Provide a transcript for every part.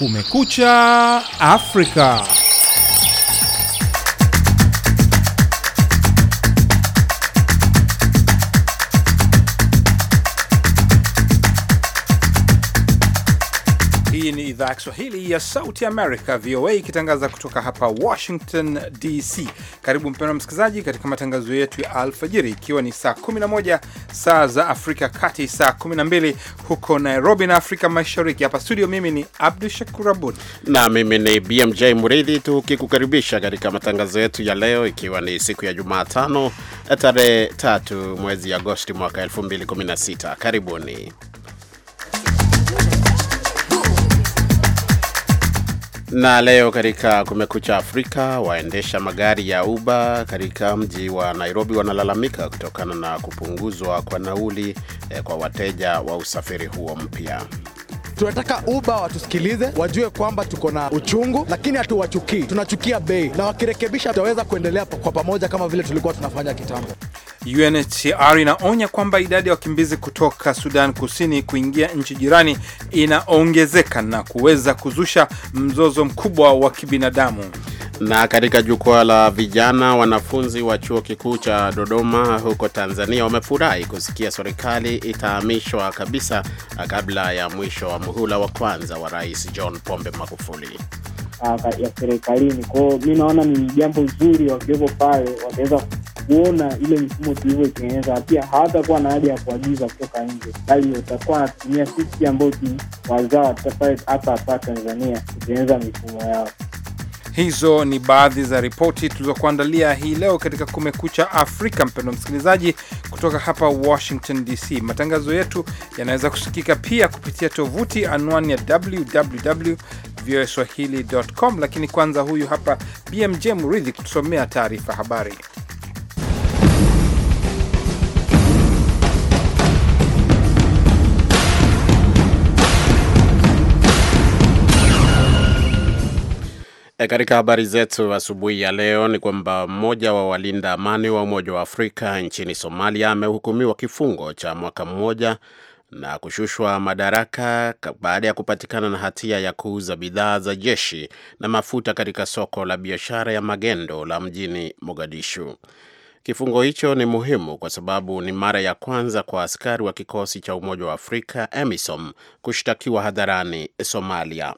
Kumekucha Afrika. idhaa ya Kiswahili ya Sauti Amerika, VOA, ikitangaza kutoka hapa Washington DC. Karibu mpendwa msikilizaji, katika matangazo yetu ya alfajiri, ikiwa ni saa 11 saa za Afrika Kati, saa 12 huko Nairobi na Afrika Mashariki. Hapa studio, mimi ni Abdu Shakur Abud na mimi ni BMJ Muridhi, tukikukaribisha katika matangazo yetu ya leo, ikiwa ni siku ya Jumatano eh, tarehe 3 mwezi Agosti mwaka 2016. Karibuni. Na leo katika Kumekucha Afrika, waendesha magari ya Uber katika mji wa Nairobi wanalalamika kutokana na kupunguzwa kwa nauli eh, kwa wateja wa usafiri huo mpya. Tunataka Uber watusikilize, wajue kwamba tuko na uchungu, lakini hatuwachukii, tunachukia bei, na wakirekebisha, tutaweza kuendelea kwa pamoja kama vile tulikuwa tunafanya kitambo. UNHCR inaonya kwamba idadi ya wakimbizi kutoka Sudan Kusini kuingia nchi jirani inaongezeka na kuweza kuzusha mzozo mkubwa wa kibinadamu. Na katika jukwaa la vijana, wanafunzi wa chuo kikuu cha Dodoma huko Tanzania wamefurahi kusikia serikali itahamishwa kabisa kabla ya mwisho wa muhula wa kwanza wa Rais John Pombe Magufuli ah, ya serikalini. Kwa hiyo mi naona ni jambo zuri, wakiwepo pale wataweza kuona ile mifumo tulivyoitengeneza, pia hawatakuwa na haja ya kuagiza kutoka nje, bali watakuwa wanatumia sisi ambao ni wazao hapa hapa Tanzania kutengeneza mifumo yao. Hizo ni baadhi za ripoti tulizokuandalia hii leo katika Kumekucha Afrika, mpendwa msikilizaji, kutoka hapa Washington DC. Matangazo yetu yanaweza kusikika pia kupitia tovuti anwani ya www voa swahili com, lakini kwanza, huyu hapa BMJ Muridhi kutusomea taarifa habari. E, katika habari zetu asubuhi ya leo ni kwamba mmoja wa walinda amani wa Umoja wa Afrika nchini Somalia amehukumiwa kifungo cha mwaka mmoja na kushushwa madaraka baada ya kupatikana na hatia ya kuuza bidhaa za jeshi na mafuta katika soko la biashara ya magendo la mjini Mogadishu. Kifungo hicho ni muhimu kwa sababu ni mara ya kwanza kwa askari wa kikosi cha Umoja wa Afrika EMISOM kushtakiwa hadharani Somalia.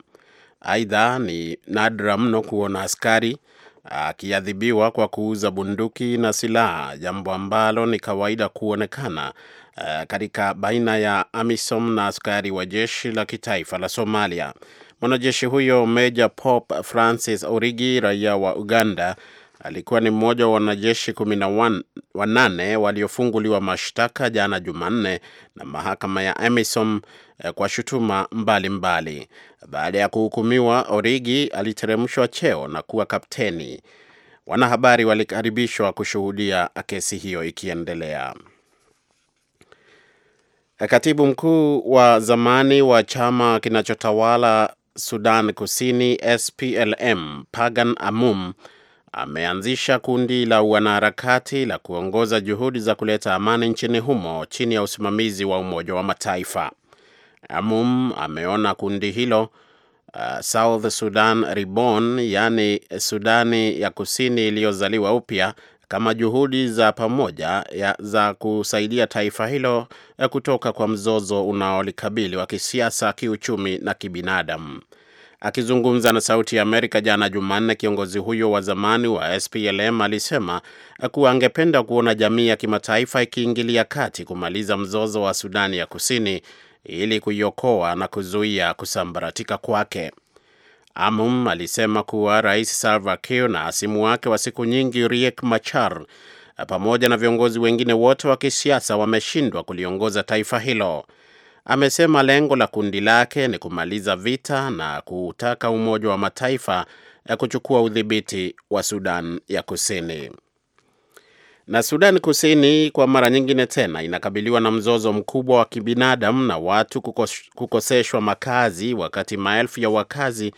Aidha, ni nadra mno kuona askari ah, akiadhibiwa kwa kuuza bunduki na silaha, jambo ambalo ni kawaida kuonekana uh, katika baina ya AMISOM na askari wa jeshi la kitaifa la Somalia. Mwanajeshi huyo Meja Pop Francis Origi, raia wa Uganda, alikuwa ni mmoja wa wanajeshi kumi na wanane waliofunguliwa mashtaka jana Jumanne na mahakama ya emison eh, kwa shutuma mbalimbali. Baada ya kuhukumiwa, Origi aliteremshwa cheo na kuwa kapteni. Wanahabari walikaribishwa kushuhudia kesi hiyo ikiendelea. Eh, katibu mkuu wa zamani wa chama kinachotawala Sudan Kusini SPLM Pagan Amum ameanzisha kundi la wanaharakati la kuongoza juhudi za kuleta amani nchini humo chini ya usimamizi wa Umoja wa Mataifa. Amum ameona kundi hilo uh, South Sudan Reborn, yaani Sudani ya Kusini iliyozaliwa upya kama juhudi za pamoja ya za kusaidia taifa hilo uh, kutoka kwa mzozo unaolikabili wa kisiasa, kiuchumi na kibinadamu. Akizungumza na Sauti ya Amerika jana Jumanne, kiongozi huyo wa zamani wa SPLM alisema kuwa angependa kuona jamii ya kimataifa ikiingilia kati kumaliza mzozo wa Sudani ya Kusini ili kuiokoa na kuzuia kusambaratika kwake. Amum alisema kuwa Rais Salva Kiir na hasimu wake wa siku nyingi Riek Machar pamoja na viongozi wengine wote wa kisiasa wameshindwa kuliongoza taifa hilo amesema lengo la kundi lake ni kumaliza vita na kutaka Umoja wa Mataifa ya eh, kuchukua udhibiti wa Sudan ya Kusini. Na Sudan Kusini kwa mara nyingine tena inakabiliwa na mzozo mkubwa wa kibinadamu na watu kukoseshwa makazi, wakati maelfu ya wakazi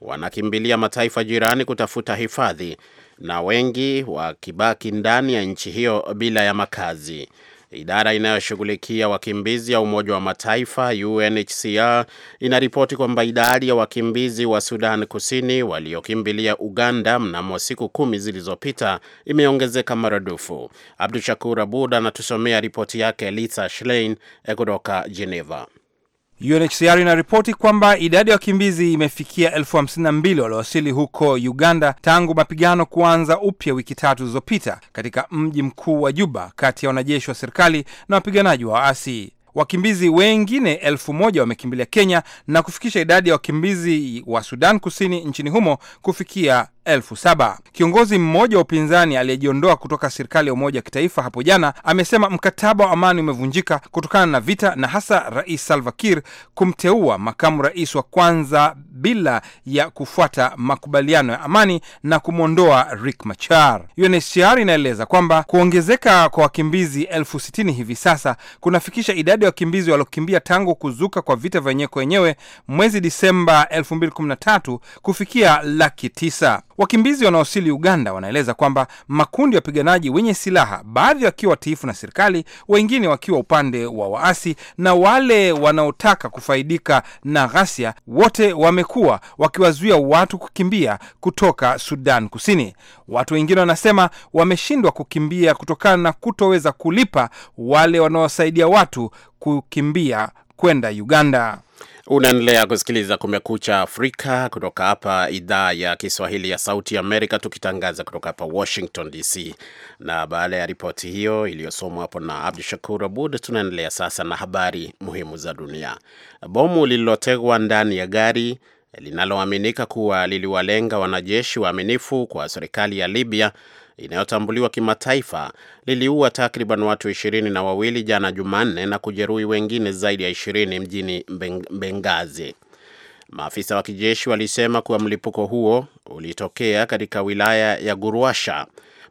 wanakimbilia mataifa jirani kutafuta hifadhi na wengi wakibaki ndani ya nchi hiyo bila ya makazi. Idara inayoshughulikia wakimbizi ya Umoja wa Mataifa UNHCR inaripoti kwamba idadi ya wakimbizi wa Sudan Kusini waliokimbilia Uganda mnamo siku kumi zilizopita imeongezeka maradufu. Abdu Shakur Abud anatusomea ripoti yake Lisa Schlein eh, kutoka Geneva. UNHCR inaripoti kwamba idadi ya wakimbizi imefikia elfu hamsini na mbili waliowasili huko Uganda tangu mapigano kuanza upya wiki tatu zilizopita katika mji mkuu wa Juba kati ya wanajeshi wa serikali na wapiganaji wa waasi. Wakimbizi wengine elfu moja wamekimbilia Kenya na kufikisha idadi ya wakimbizi wa Sudan Kusini nchini humo kufikia elfu saba. Kiongozi mmoja wa upinzani aliyejiondoa kutoka serikali ya umoja wa kitaifa hapo jana amesema mkataba wa amani umevunjika kutokana na vita na hasa Rais Salva Kiir kumteua makamu rais wa kwanza bila ya kufuata makubaliano ya amani na kumwondoa Riek Machar. UNHCR inaeleza kwamba kuongezeka kwa wakimbizi elfu sitini hivi sasa kunafikisha idadi ya wakimbizi waliokimbia tangu kuzuka kwa vita vyenyewe kwa wenyewe mwezi Disemba 2013 kufikia laki tisa. Wakimbizi wanaosili Uganda wanaeleza kwamba makundi ya wapiganaji wenye silaha, baadhi wakiwa watiifu na serikali, wengine wakiwa upande wa waasi na wale wanaotaka kufaidika na ghasia, wote wamekuwa wakiwazuia watu kukimbia kutoka Sudan Kusini. Watu wengine wanasema wameshindwa kukimbia kutokana na kutoweza kulipa wale wanaosaidia watu kukimbia kwenda Uganda. Unaendelea kusikiliza Kumekucha Afrika kutoka hapa idhaa ya Kiswahili ya Sauti Amerika, tukitangaza kutoka hapa Washington DC. Na baada ya ripoti hiyo iliyosomwa hapo na Abdu Shakur Abud, tunaendelea sasa na habari muhimu za dunia. Bomu lililotegwa ndani ya gari linaloaminika kuwa liliwalenga wanajeshi waaminifu kwa serikali ya Libya inayotambuliwa kimataifa liliua takriban watu ishirini na wawili jana Jumanne na kujeruhi wengine zaidi ya ishirini mjini Bengazi. Maafisa wa kijeshi walisema kuwa mlipuko huo ulitokea katika wilaya ya Guruasha.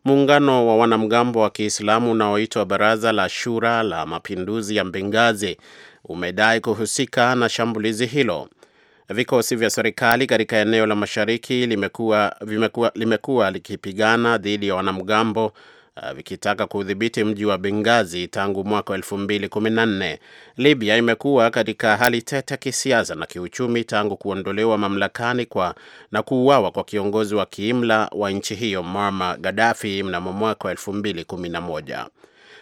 Muungano wa wanamgambo wa Kiislamu unaoitwa Baraza la Shura la Mapinduzi ya Bengazi umedai kuhusika na shambulizi hilo. Vikosi vya serikali katika eneo la mashariki limekuwa, vimekuwa, limekuwa likipigana dhidi ya wanamgambo uh, vikitaka kudhibiti mji wa Bengazi tangu mwaka kumi nne. Libya imekuwa katika hali tete kisiasa na kiuchumi tangu kuondolewa mamlakani kwa na kuuawa kwa kiongozi wa kiimla wa nchi hiyo Muammar Gaddafi mnamo mwaka elfu mbili kumi na moja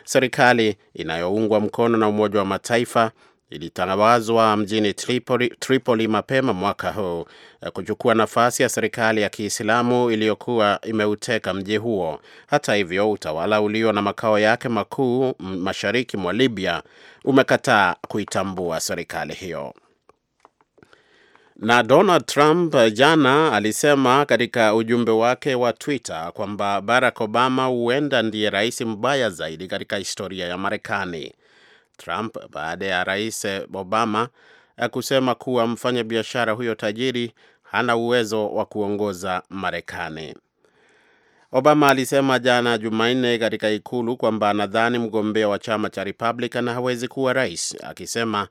Serikali inayoungwa mkono na Umoja wa Mataifa ilitangazwa mjini Tripoli, Tripoli mapema mwaka huu eh, kuchukua nafasi ya serikali ya Kiislamu iliyokuwa imeuteka mji huo. Hata hivyo, utawala ulio na makao yake makuu mashariki mwa Libya umekataa kuitambua serikali hiyo. Na Donald Trump eh, jana alisema katika ujumbe wake wa Twitter kwamba Barack Obama huenda ndiye rais mbaya zaidi katika historia ya Marekani. Trump baada ya Rais eh, Obama eh, kusema kuwa mfanyabiashara huyo tajiri hana uwezo wa kuongoza Marekani. Obama alisema jana Jumanne katika ikulu kwamba anadhani mgombea wa chama cha Republican hawezi kuwa rais, akisema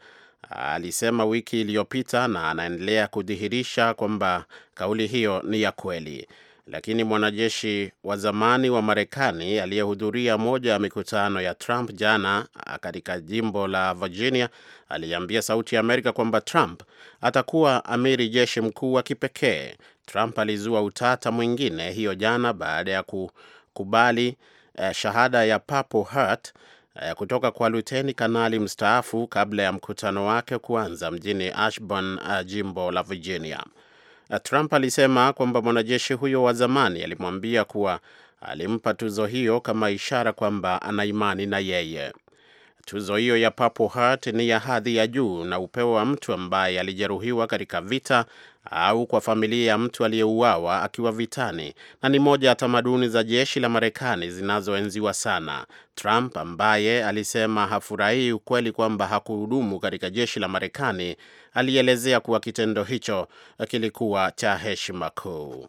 alisema wiki iliyopita na anaendelea kudhihirisha kwamba kauli hiyo ni ya kweli lakini mwanajeshi wa zamani wa Marekani aliyehudhuria moja ya mikutano ya Trump jana katika jimbo la Virginia aliambia Sauti ya Amerika kwamba Trump atakuwa amiri jeshi mkuu wa kipekee. Trump alizua utata mwingine hiyo jana baada ya kukubali eh, shahada ya Purple Heart eh, kutoka kwa luteni kanali mstaafu kabla ya mkutano wake kuanza mjini Ashburn, eh, jimbo la Virginia. Trump alisema kwamba mwanajeshi huyo wa zamani alimwambia kuwa alimpa tuzo hiyo kama ishara kwamba ana imani na yeye. Tuzo hiyo ya Purple Heart ni ya hadhi ya juu na upewa mtu ambaye alijeruhiwa katika vita au kwa familia ya mtu aliyeuawa akiwa vitani na ni moja ya tamaduni za jeshi la Marekani zinazoenziwa sana. Trump ambaye alisema hafurahii ukweli kwamba hakuhudumu katika jeshi la Marekani alielezea kuwa kitendo hicho kilikuwa cha heshima kuu.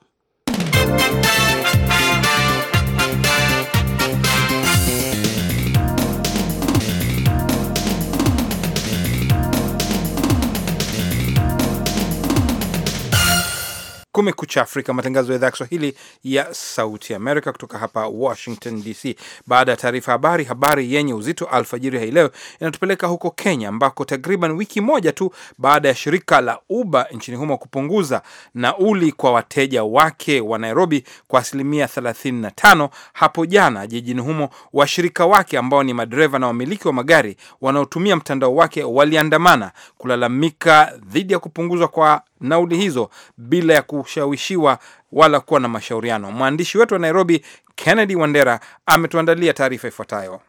Kumekucha Afrika, matangazo ya idhaa ya Kiswahili ya Sauti Amerika kutoka hapa Washington DC. Baada ya taarifa habari, habari yenye uzito alfajiri hii leo inatupeleka huko Kenya, ambako takriban wiki moja tu baada ya shirika la Uber nchini humo kupunguza nauli kwa wateja wake wa Nairobi kwa asilimia 35 hapo jana jijini humo, washirika wake ambao ni madereva na wamiliki wa magari wanaotumia mtandao wake waliandamana kulalamika dhidi ya kupunguzwa kwa nauli hizo bila ya kushawishiwa wala kuwa na mashauriano. Mwandishi wetu wa Nairobi, Kennedy Wandera, ametuandalia taarifa ifuatayo.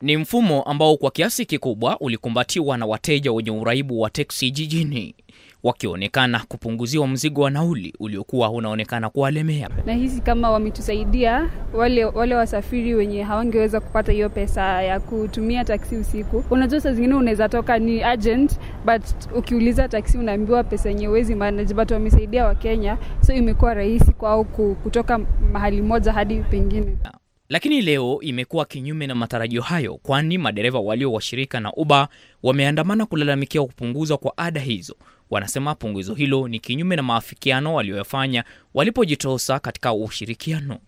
Ni mfumo ambao kwa kiasi kikubwa ulikumbatiwa na wateja wenye uraibu wa teksi jijini wakionekana kupunguziwa mzigo wa nauli uliokuwa unaonekana kuwalemea. Na hisi kama wametusaidia wale, wale wasafiri wenye hawangeweza kupata hiyo pesa ya kutumia taksi usiku. Unajua saa zingine unaweza toka ni agent, but ukiuliza taksi unaambiwa pesa yenye uwezi manage, but wamesaidia Wakenya, so imekuwa rahisi kwao kutoka mahali moja hadi pengine. Lakini leo imekuwa kinyume na matarajio hayo, kwani madereva walio washirika na Uber wameandamana kulalamikia kupunguzwa kwa ada hizo Wanasema punguzo hilo ni kinyume na maafikiano walioyafanya walipojitosa katika ushirikiano.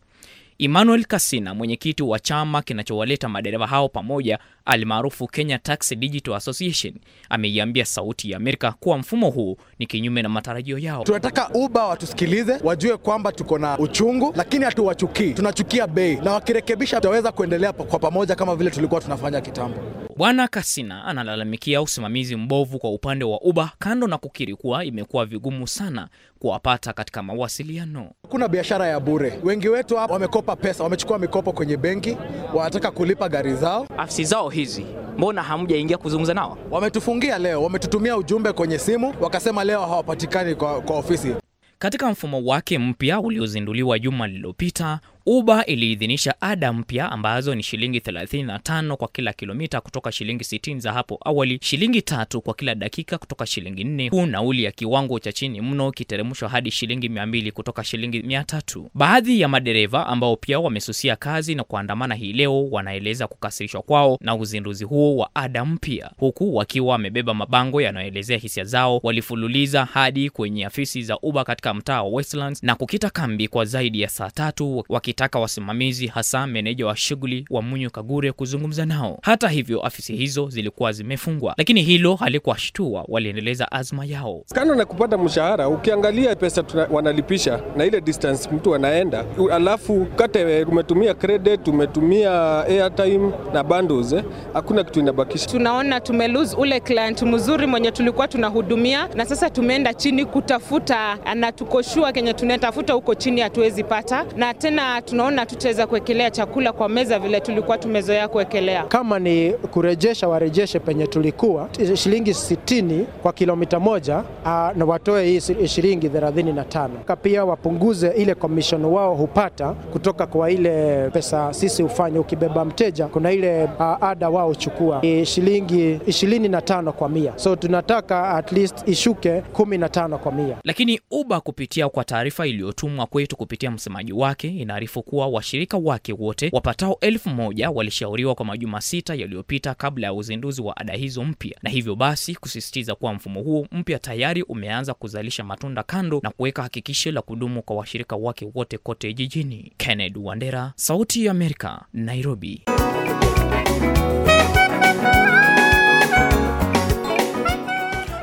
Emmanuel Kasina, mwenyekiti wa chama kinachowaleta madereva hao pamoja alimaarufu Kenya Taxi Digital Association, ameiambia Sauti ya Amerika kuwa mfumo huu ni kinyume na matarajio yao. Tunataka uba watusikilize, wajue kwamba tuko na uchungu, lakini hatuwachukii, tunachukia bei, na wakirekebisha tutaweza kuendelea kwa pamoja kama vile tulikuwa tunafanya kitambo. Bwana Kasina analalamikia usimamizi mbovu kwa upande wa Uber, kando na kukiri kuwa imekuwa vigumu sana kuwapata katika mawasiliano. Kuna biashara ya bure, wengi wetu hapa wamekopa pesa, wamechukua mikopo kwenye benki, wanataka kulipa gari zao. Afisi zao hizi, mbona hamjaingia kuzungumza nao? Wametufungia leo, wametutumia ujumbe kwenye simu, wakasema leo hawapatikani kwa, kwa ofisi. Katika mfumo wake mpya uliozinduliwa juma lililopita, Uber iliidhinisha ada mpya ambazo ni shilingi 35 kwa kila kilomita kutoka shilingi 60 za hapo awali, shilingi tatu kwa kila dakika kutoka shilingi nne, huu nauli ya kiwango cha chini mno kiteremshwa hadi shilingi 200 kutoka shilingi 300. Baadhi ya madereva ambao pia wamesusia kazi na kuandamana hii leo wanaeleza kukasirishwa kwao na uzinduzi huo wa ada mpya, huku wakiwa wamebeba mabango yanayoelezea hisia zao. Walifululiza hadi kwenye afisi za Uber katika mtaa wa Westlands na kukita kambi kwa zaidi ya saa tatu waki wakitaka wasimamizi hasa meneja wa shughuli wa Munyo Kagure kuzungumza nao. Hata hivyo, afisi hizo zilikuwa zimefungwa, lakini hilo halikuwashtua, waliendeleza azma yao. Kando na kupata mshahara, ukiangalia pesa tuna, wanalipisha na ile distance mtu anaenda, alafu kate eh, umetumia credit, umetumia airtime na bundles, eh, hakuna kitu inabakisha. Tunaona tumelose ule client mzuri mwenye tulikuwa tunahudumia, na sasa tumeenda chini kutafuta anatukoshua kenye tunatafuta huko chini hatuwezi pata na tena tunaona tutaweza kuwekelea chakula kwa meza vile tulikuwa tumezoea kuwekelea. Kama ni kurejesha, warejeshe penye tulikuwa shilingi sitini kwa kilomita moja, ah, na watoe hii shilingi 35. Pia wapunguze ile commission wao hupata kutoka kwa ile pesa sisi ufanye Ukibeba mteja kuna ile ah, ada wao chukua e, shilingi 25 kwa mia, so tunataka at least ishuke 15 kwa mia. Lakini Uber kupitia kwa taarifa iliyotumwa kwetu kupitia msemaji wake inaarifu inaarifu kuwa washirika wake wote wapatao elfu moja walishauriwa kwa majuma sita yaliyopita kabla ya uzinduzi wa ada hizo mpya, na hivyo basi kusisitiza kuwa mfumo huo mpya tayari umeanza kuzalisha matunda, kando na kuweka hakikisho la kudumu kwa washirika wake wote kote jijini. kenned Wandera, Sauti ya Amerika, Nairobi.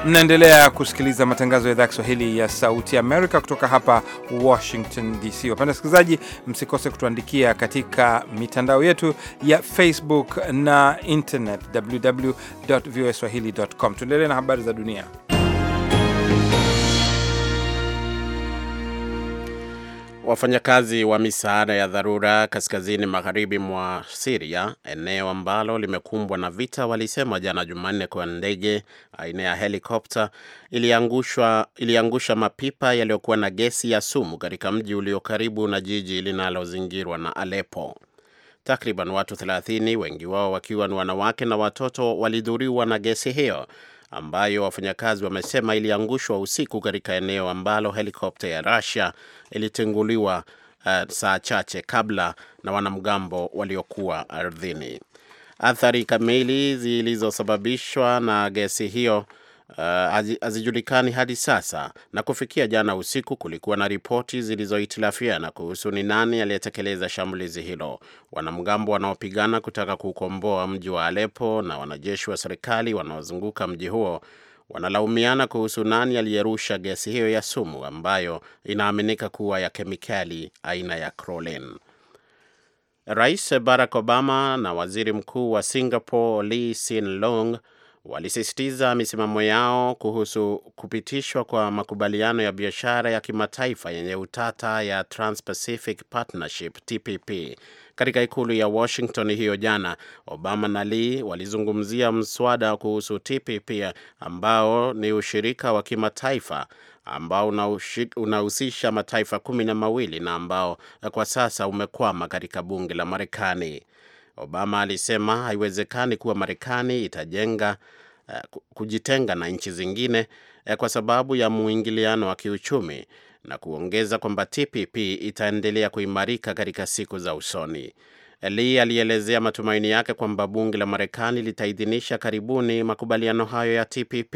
Mnaendelea kusikiliza matangazo ya idhaa ya Kiswahili ya Sauti Amerika kutoka hapa Washington DC. Wapenda wasikilizaji, msikose kutuandikia katika mitandao yetu ya Facebook na internet www voa Tuendelee na habari za dunia. Wafanyakazi wa misaada ya dharura kaskazini magharibi mwa Siria, eneo ambalo limekumbwa na vita, walisema jana Jumanne kwa ndege aina ya helikopta iliangusha mapipa yaliyokuwa na gesi ya sumu katika mji ulio karibu na jiji linalozingirwa na Aleppo. Takriban watu 30, wengi wao wakiwa ni wanawake na watoto, walidhuriwa na gesi hiyo ambayo wafanyakazi wamesema iliangushwa usiku katika eneo ambalo helikopta ya Russia ilitunguliwa uh, saa chache kabla na wanamgambo waliokuwa ardhini. Athari kamili zilizosababishwa na gesi hiyo uh, hazijulikani hadi sasa, na kufikia jana usiku kulikuwa na ripoti zilizohitilafiana kuhusu ni nani aliyetekeleza shambulizi hilo. Wanamgambo wanaopigana kutaka kuukomboa mji wa alepo na wanajeshi wa serikali wanaozunguka mji huo wanalaumiana kuhusu nani aliyerusha gesi hiyo ya sumu ambayo inaaminika kuwa ya kemikali aina ya crolin Rais Barack Obama na waziri mkuu wa Singapore Lee Sin Long walisisitiza misimamo yao kuhusu kupitishwa kwa makubaliano ya biashara ya kimataifa yenye utata ya Trans-Pacific Partnership TPP. Katika ikulu ya Washington hiyo jana, Obama na Lee walizungumzia mswada kuhusu TPP ambao ni ushirika wa kimataifa ambao unahusisha mataifa kumi na mawili na ambao kwa sasa umekwama katika bunge la Marekani. Obama alisema haiwezekani kuwa Marekani itajenga eh, kujitenga na nchi zingine eh, kwa sababu ya mwingiliano wa kiuchumi na kuongeza kwamba TPP itaendelea kuimarika katika siku za usoni. Eh, Lee alielezea matumaini yake kwamba bunge la Marekani litaidhinisha karibuni makubaliano hayo ya TPP.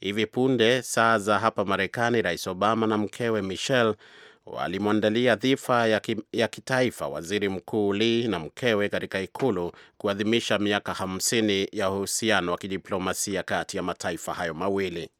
Hivi punde saa za hapa Marekani, Rais Obama na mkewe Michelle walimwandalia dhifa ya, ki, ya kitaifa waziri mkuu Li na mkewe katika ikulu kuadhimisha miaka hamsini ya uhusiano wa kidiplomasia kati ya mataifa hayo mawili.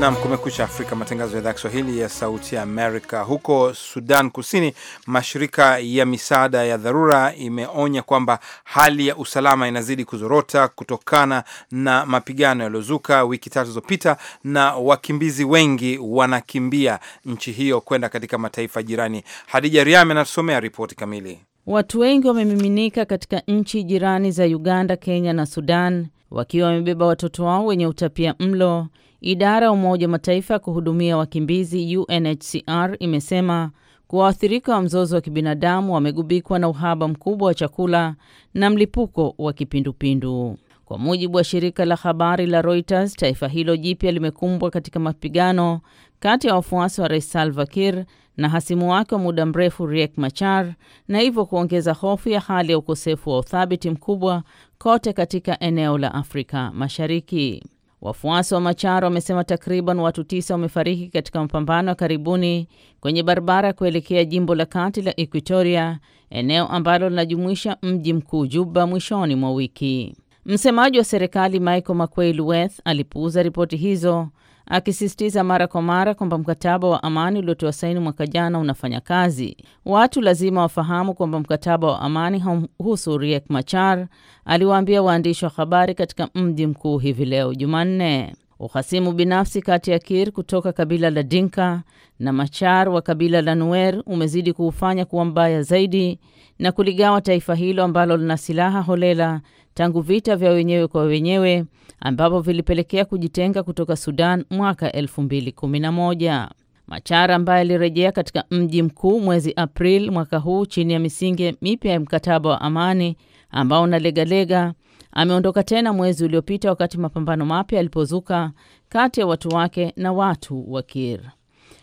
Nam kumekucha Afrika, matangazo ya idhaa Kiswahili ya sauti ya Amerika. Huko Sudan Kusini, mashirika ya misaada ya dharura imeonya kwamba hali ya usalama inazidi kuzorota kutokana na mapigano yaliyozuka wiki tatu zilizopita, na wakimbizi wengi wanakimbia nchi hiyo kwenda katika mataifa jirani. Hadija Riame anatusomea ripoti kamili. Watu wengi wamemiminika katika nchi jirani za Uganda, Kenya na Sudan wakiwa wamebeba watoto wao wenye utapia mlo. Idara ya Umoja wa Mataifa ya kuhudumia wakimbizi UNHCR imesema kuwa waathirika wa mzozo wa kibinadamu wamegubikwa na uhaba mkubwa wa chakula na mlipuko wa kipindupindu. Kwa mujibu wa shirika la habari la Reuters, taifa hilo jipya limekumbwa katika mapigano kati ya wafuasi wa Rais Salva Kiir na hasimu wake wa muda mrefu Riek Machar na hivyo kuongeza hofu ya hali ya ukosefu wa uthabiti mkubwa kote katika eneo la Afrika Mashariki. Wafuasi wa Machar wamesema takriban watu tisa wamefariki katika mapambano ya karibuni kwenye barabara kuelekea jimbo la kati la Equatoria, eneo ambalo linajumuisha mji mkuu Juba mwishoni mwa wiki. Msemaji wa serikali Michael Makwei Lueth alipuuza ripoti hizo akisisitiza mara kwa mara kwamba mkataba wa amani uliotiwa saini mwaka jana unafanya kazi. Watu lazima wafahamu kwamba mkataba wa amani hauhusu Riek Machar, aliwaambia waandishi wa habari katika mji mkuu hivi leo Jumanne. Uhasimu binafsi kati ya Kir kutoka kabila la Dinka na Machar wa kabila la Nuer umezidi kuufanya kuwa mbaya zaidi na kuligawa taifa hilo ambalo lina silaha holela tangu vita vya wenyewe kwa wenyewe ambavyo vilipelekea kujitenga kutoka Sudan mwaka 2011. Machar ambaye alirejea katika mji mkuu mwezi Aprili mwaka huu chini ya misingi mipya ya mkataba wa amani ambao unalegalega, ameondoka tena mwezi uliopita wakati mapambano mapya yalipozuka kati ya watu wake na watu wa Kir.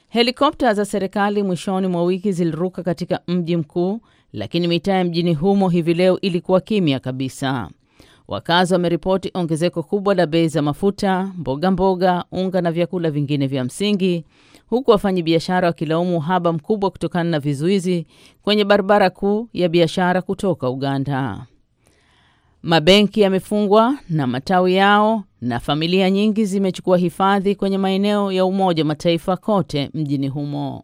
Helikopta za serikali mwishoni mwa wiki ziliruka katika mji mkuu, lakini mitaa ya mjini humo hivi leo ilikuwa kimya kabisa. Wakazi wameripoti ongezeko kubwa la bei za mafuta, mboga mboga, unga na vyakula vingine vya msingi, huku biashara wakilaumu uhaba mkubwa kutokana na vizuizi kwenye barabara kuu ya biashara kutoka Uganda. Mabenki yamefungwa na matawi yao na familia nyingi zimechukua hifadhi kwenye maeneo ya Umoja wa Mataifa kote mjini humo.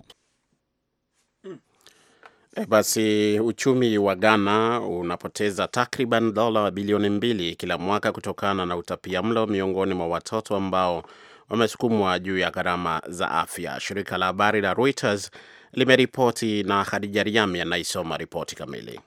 Basi uchumi wa Ghana unapoteza takriban dola bilioni mbili kila mwaka kutokana na utapia mlo miongoni mwa watoto ambao wamesukumwa juu ya gharama za afya. Shirika la habari la Reuters limeripoti na Khadija Riami anaisoma ripoti kamili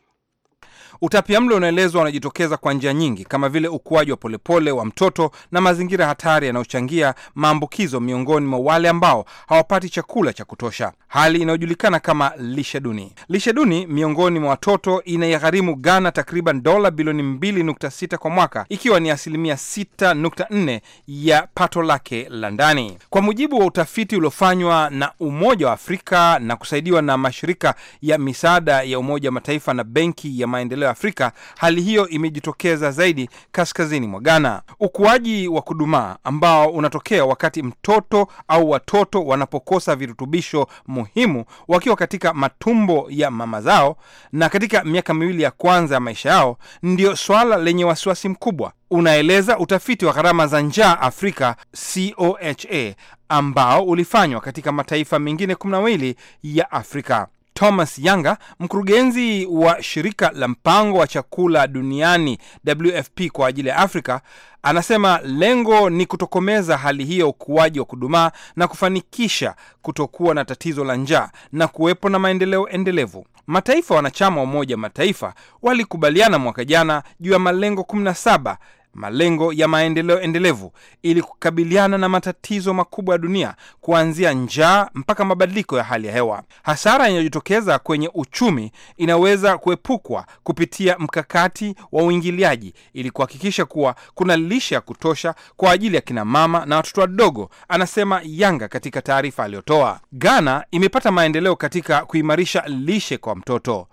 utapia mlo unaelezwa unajitokeza kwa njia nyingi kama vile ukuaji wa polepole wa mtoto na mazingira hatari yanayochangia maambukizo miongoni mwa wale ambao hawapati chakula cha kutosha, hali inayojulikana kama lishe duni. Lishe duni miongoni mwa watoto inaigharimu Ghana takriban dola bilioni 2.6 kwa mwaka, ikiwa ni asilimia 6.4 ya pato lake la ndani, kwa mujibu wa utafiti uliofanywa na Umoja wa Afrika na kusaidiwa na mashirika ya misaada ya Umoja wa Mataifa na Benki ya Maendeleo ya Afrika, hali hiyo imejitokeza zaidi kaskazini mwa Ghana. Ukuaji wa kudumaa ambao unatokea wakati mtoto au watoto wanapokosa virutubisho muhimu wakiwa katika matumbo ya mama zao na katika miaka miwili ya kwanza ya maisha yao, ndio swala lenye wasiwasi mkubwa, unaeleza utafiti wa gharama za njaa Afrika COHA ambao ulifanywa katika mataifa mengine kumi na ya Afrika. Thomas Yanga, mkurugenzi wa shirika la mpango wa chakula duniani WFP kwa ajili ya Afrika, anasema lengo ni kutokomeza hali hiyo, ukuaji wa kudumaa na kufanikisha kutokuwa na tatizo la njaa na kuwepo na maendeleo endelevu. Mataifa wanachama wa Umoja Mataifa walikubaliana mwaka jana juu ya malengo 17 malengo ya maendeleo endelevu ili kukabiliana na matatizo makubwa ya dunia kuanzia njaa mpaka mabadiliko ya hali ya hewa. Hasara inayojitokeza kwenye uchumi inaweza kuepukwa kupitia mkakati wa uingiliaji ili kuhakikisha kuwa kuna lishe ya kutosha kwa ajili ya kina mama na watoto wadogo, anasema Yanga katika taarifa aliyotoa. Ghana imepata maendeleo katika kuimarisha lishe kwa mtoto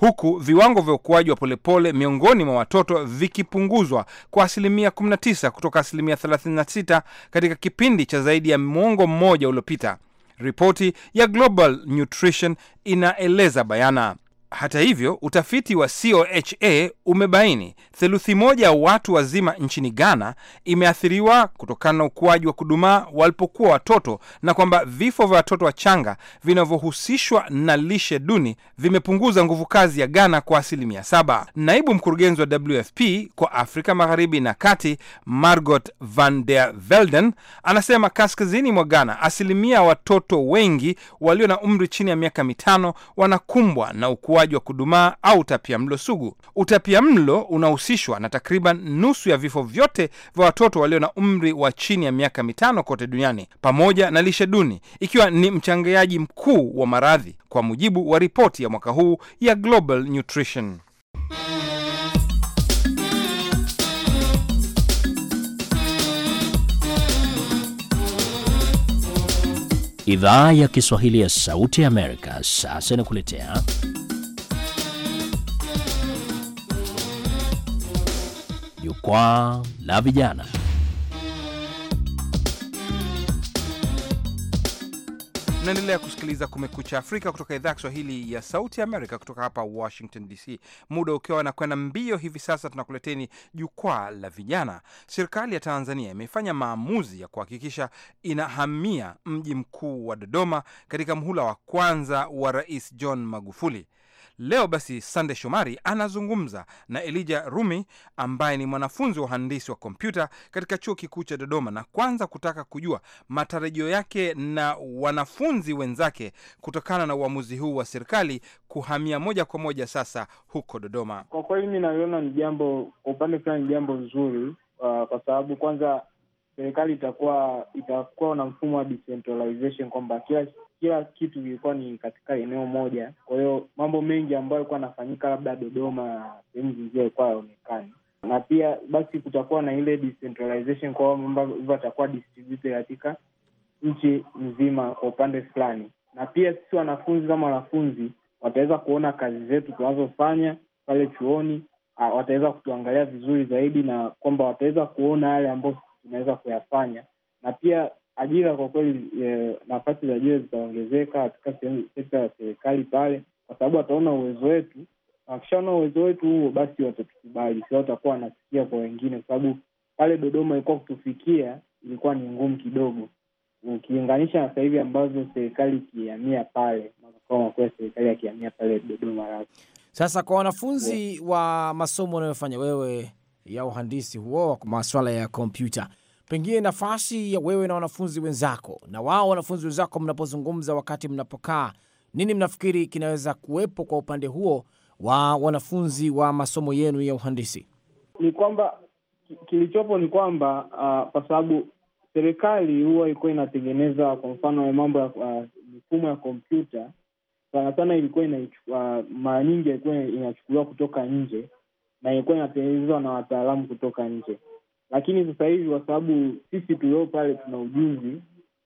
huku viwango vya ukuaji wa polepole miongoni mwa watoto vikipunguzwa kwa asilimia 19 kutoka asilimia 36 katika kipindi cha zaidi ya mwongo mmoja uliopita. Ripoti ya Global Nutrition inaeleza bayana. Hata hivyo, utafiti wa COHA umebaini theluthi moja ya watu wazima nchini Ghana imeathiriwa kutokana na ukuaji wa kudumaa walipokuwa watoto na kwamba vifo vya watoto wachanga vinavyohusishwa na lishe duni vimepunguza nguvu kazi ya Ghana kwa asilimia saba. Naibu mkurugenzi wa WFP kwa Afrika Magharibi na Kati, Margot van der Velden, anasema kaskazini mwa Ghana asilimia watoto wengi walio na umri chini ya miaka mitano wanakumbwa na ukuaji ukuaji wa kudumaa au mlo sugu. utapia mlo unahusishwa na takriban nusu ya vifo vyote vya watoto walio na umri wa chini ya miaka mitano kote duniani, pamoja na lishe duni, ikiwa ni mchangiaji mkuu wa maradhi, kwa mujibu wa ripoti ya mwaka huu ya Global Nutrition. Idhaa ya Kiswahili ya Sauti ya Amerika sasa inakuletea Jukwaa la Vijana. Naendelea kusikiliza Kumekucha Afrika kutoka idhaa ya Kiswahili ya Sauti ya Amerika kutoka hapa Washington DC, muda ukiwa anakwenda mbio. Hivi sasa tunakuleteni Jukwaa la Vijana. Serikali ya Tanzania imefanya maamuzi ya kuhakikisha inahamia mji mkuu wa Dodoma katika mhula wa kwanza wa Rais John Magufuli. Leo basi, Sande Shomari anazungumza na Elija Rumi ambaye ni mwanafunzi wa uhandisi wa kompyuta katika chuo kikuu cha Dodoma, na kwanza kutaka kujua matarajio yake na wanafunzi wenzake kutokana na uamuzi huu wa serikali kuhamia moja kwa moja sasa huko Dodoma. Kwa kweli, mi naliona ni jambo, kwa upande fulani ni jambo nzuri, uh, kwa sababu kwanza serikali itakuwa itakuwa na mfumo wa decentralization kwamba kila kila kitu kilikuwa ni katika eneo moja. Kwa hiyo mambo mengi ambayo yalikuwa yanafanyika labda Dodoma na sehemu zingine yalikuwa hayaonekani, na pia basi kutakuwa na ile decentralization, kwa mambo hivyo atakuwa distributed katika nchi nzima kwa upande fulani, na pia sisi wanafunzi kama wanafunzi wataweza kuona kazi zetu tunazofanya pale chuoni, wataweza kutuangalia vizuri zaidi, na kwamba wataweza kuona yale ambayo tunaweza kuyafanya na pia ajira kwa kweli, e, nafasi za ajira zitaongezeka katika sekta ya serikali pale, kwa sababu wataona uwezo wetu. Wakishaona uwezo wetu huo, basi watatukubali, sio watakuwa wanasikia kwa wengine, kwa sababu pale Dodoma ilikuwa kutufikia ilikuwa ni ngumu kidogo ukilinganisha na sasa hivi serikali ikihamia pale makao makuu ya serikali akiamia pale Dodoma Rasi Sasa kwa wanafunzi yeah, wa masomo wanayofanya wewe ya uhandisi huo, maswala ya kompyuta, pengine nafasi ya wewe na wanafunzi wenzako na wao wanafunzi wenzako, mnapozungumza wakati mnapokaa, nini mnafikiri kinaweza kuwepo kwa upande huo wa wanafunzi wa masomo yenu ya uhandisi? Ni kwamba kilichopo ni kwamba uh, kwa sababu serikali huwa ilikuwa inatengeneza kwa mfano mambo ya uh, mifumo ya kompyuta sana sana, ilikuwa uh, mara nyingi ilikuwa inachukuliwa kutoka nje na ilikuwa inatengenezwa na wataalamu kutoka nje lakini sasa hivi kwa sababu sisi tulio pale tuna ujuzi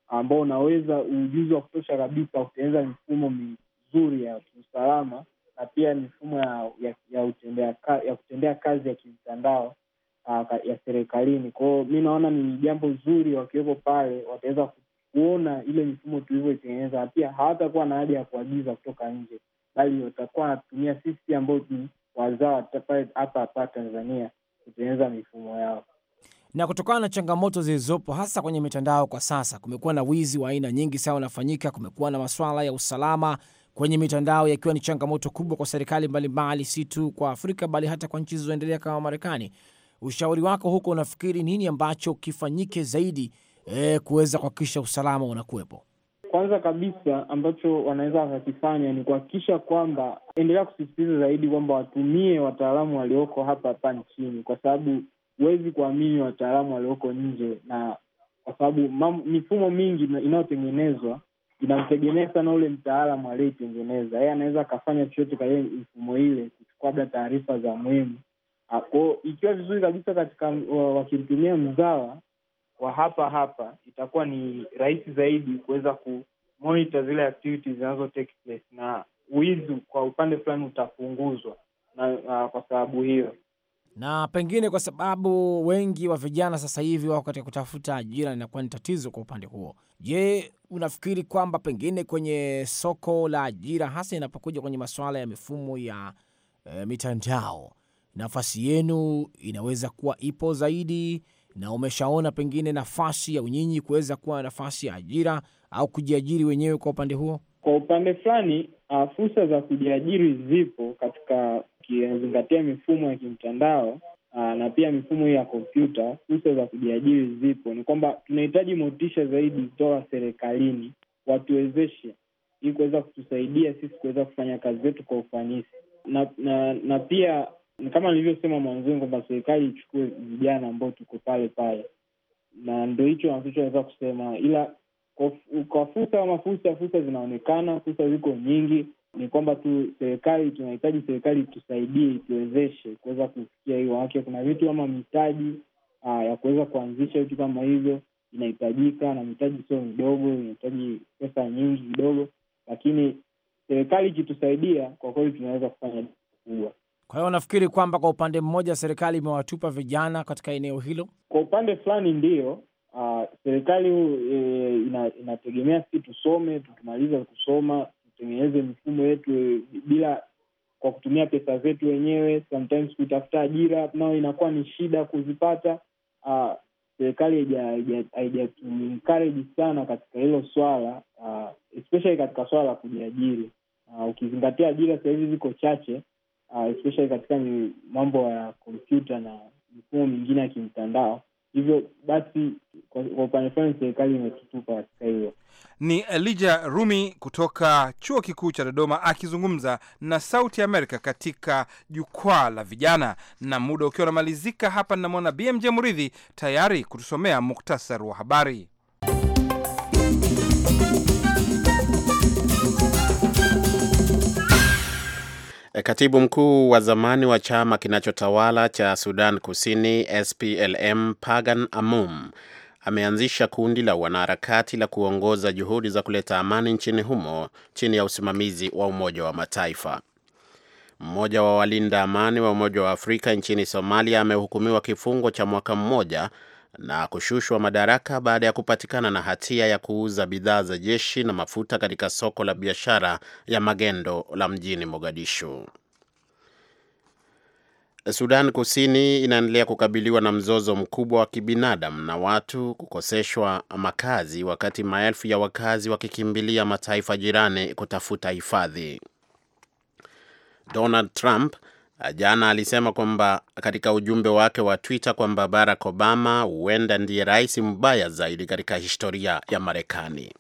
ambao unaweza ujuzi wa kutosha kabisa kutengeneza mifumo mizuri ya kiusalama na pia mifumo ya ya, ya, utendea, ya kutendea kazi ya kimtandao ah, ya serikalini. kwao mi naona ni jambo zuri, wakiwepo pale wataweza kuona ile mifumo tulivyoitengeneza, na pia hawatakuwa na haja ya kuagiza kutoka nje, bali watakuwa wanatumia sisi ambao ni wazao pale hapa hapa Tanzania kutengeneza mifumo yao na kutokana na changamoto zilizopo hasa kwenye mitandao kwa sasa, kumekuwa na wizi wa aina nyingi sana unafanyika. Kumekuwa na maswala ya usalama kwenye mitandao yakiwa ni changamoto kubwa kwa serikali mbalimbali, si tu kwa Afrika bali hata kwa nchi zilizoendelea kama Marekani. Ushauri wako huko, unafikiri nini ambacho kifanyike zaidi e, kuweza kuhakikisha usalama unakuwepo? Kwanza kabisa ambacho wanaweza wakakifanya ni kuhakikisha kwamba, endelea kusisitiza zaidi kwamba watumie wataalamu walioko hapa hapa nchini, kwa sababu huwezi kuamini wataalamu walioko nje, na kwa sababu mifumo mingi inayotengenezwa inamtegemea sana ule mtaalamu aliyeitengeneza. Yeye anaweza akafanya chochote katika mifumo ile, kuchukua labda taarifa za muhimu ah, ko ikiwa vizuri kabisa katika wakimtumia mzawa wa hapa hapa, itakuwa ni rahisi zaidi kuweza ku zile activities zinazo take place na wizi kwa upande fulani utapunguzwa na, na ah, kwa sababu hiyo na pengine kwa sababu wengi wa vijana sasa hivi wako katika kutafuta ajira, inakuwa ni tatizo kwa upande huo. Je, unafikiri kwamba pengine kwenye soko la ajira, hasa inapokuja kwenye masuala ya mifumo ya e, mitandao, nafasi yenu inaweza kuwa ipo zaidi, na umeshaona pengine nafasi ya unyinyi kuweza kuwa nafasi ya ajira au kujiajiri wenyewe kwa upande huo? Kwa upande fulani, ah, fursa za kujiajiri zipo katika ukizingatia mifumo ya kimtandao ah, na pia mifumo hii ya kompyuta, fursa za kujiajiri zipo. Ni kwamba tunahitaji motisha zaidi kutoka serikalini, watuwezeshe ili kuweza kutusaidia sisi kuweza kufanya kazi zetu kwa ufanisi, na na, na pia kama nilivyosema mwanzoni kwamba serikali ichukue vijana ambao tuko pale pale, na ndo hicho anachoweza kusema, ila kwa fursa kama fursa, fursa zinaonekana, fursa ziko nyingi ni kwamba tu serikali, tunahitaji serikali tusaidie, ituwezeshe kuweza kufikia hiyo haki. Kuna vitu ama mitaji aa, ah, ya kuweza kuanzisha vitu kama hivyo inahitajika, na mitaji sio midogo, inahitaji pesa nyingi kidogo, lakini serikali ikitusaidia, kwa kweli tunaweza kufanya kubwa. Kwa hiyo unafikiri kwamba kwa upande mmoja serikali imewatupa vijana katika eneo hilo, kwa upande fulani ndiyo. Uh, ah, serikali e, inategemea sisi tusome, tukimaliza kusoma tutengeneze mifumo yetu bila kwa kutumia pesa zetu wenyewe. Sometimes kutafuta ajira nao inakuwa ni shida kuzipata. Ah, serikali haijatuencourage sana katika hilo swala uh, especially katika swala la kujiajiri uh, ukizingatia ajira sahizi ziko chache uh, especially katika mambo ya kompyuta na mifumo mingine ya kimtandao. Hivyo basi kwa upande fulani serikali imetutupa katika hiyo. Ni Elija Rumi kutoka chuo kikuu cha Dodoma akizungumza na Sauti Amerika katika jukwaa la vijana, na muda ukiwa unamalizika hapa, ninamwona BMJ Muridhi tayari kutusomea muktasari wa habari. Eh, katibu mkuu wa zamani wa chama kinachotawala cha Sudan Kusini SPLM Pagan Amum ameanzisha kundi la wanaharakati la kuongoza juhudi za kuleta amani nchini humo chini ya usimamizi wa Umoja wa Mataifa. Mmoja wa walinda amani wa Umoja wa Afrika nchini Somalia amehukumiwa kifungo cha mwaka mmoja na kushushwa madaraka baada ya kupatikana na hatia ya kuuza bidhaa za jeshi na mafuta katika soko la biashara ya magendo la mjini Mogadishu. Sudan Kusini inaendelea kukabiliwa na mzozo mkubwa wa kibinadamu na watu kukoseshwa makazi, wakati maelfu ya wakazi wakikimbilia mataifa jirani kutafuta hifadhi. Donald Trump jana alisema kwamba katika ujumbe wake wa Twitter kwamba Barack Obama huenda ndiye rais mbaya zaidi katika historia ya Marekani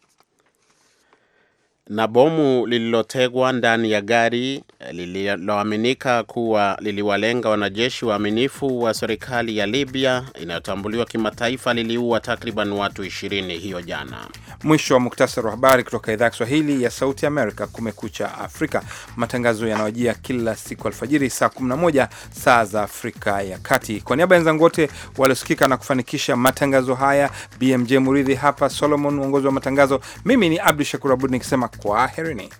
na bomu lililotegwa ndani ya gari eh, lililoaminika kuwa liliwalenga wanajeshi waaminifu wa serikali ya Libya inayotambuliwa kimataifa liliua takriban watu 20 hiyo jana. Mwisho wa muktasari wa habari kutoka idhaa ya Kiswahili ya Sauti Amerika, Kumekucha Afrika. Matangazo yanaojia kila siku alfajiri saa 11 saa za Afrika ya Kati. Kwa niaba ya wenzangu wote waliosikika na kufanikisha matangazo haya, BMJ Muridhi hapa, Solomon uongozi wa matangazo, mimi ni Abdu Shakur Abud nikisema kwa herini.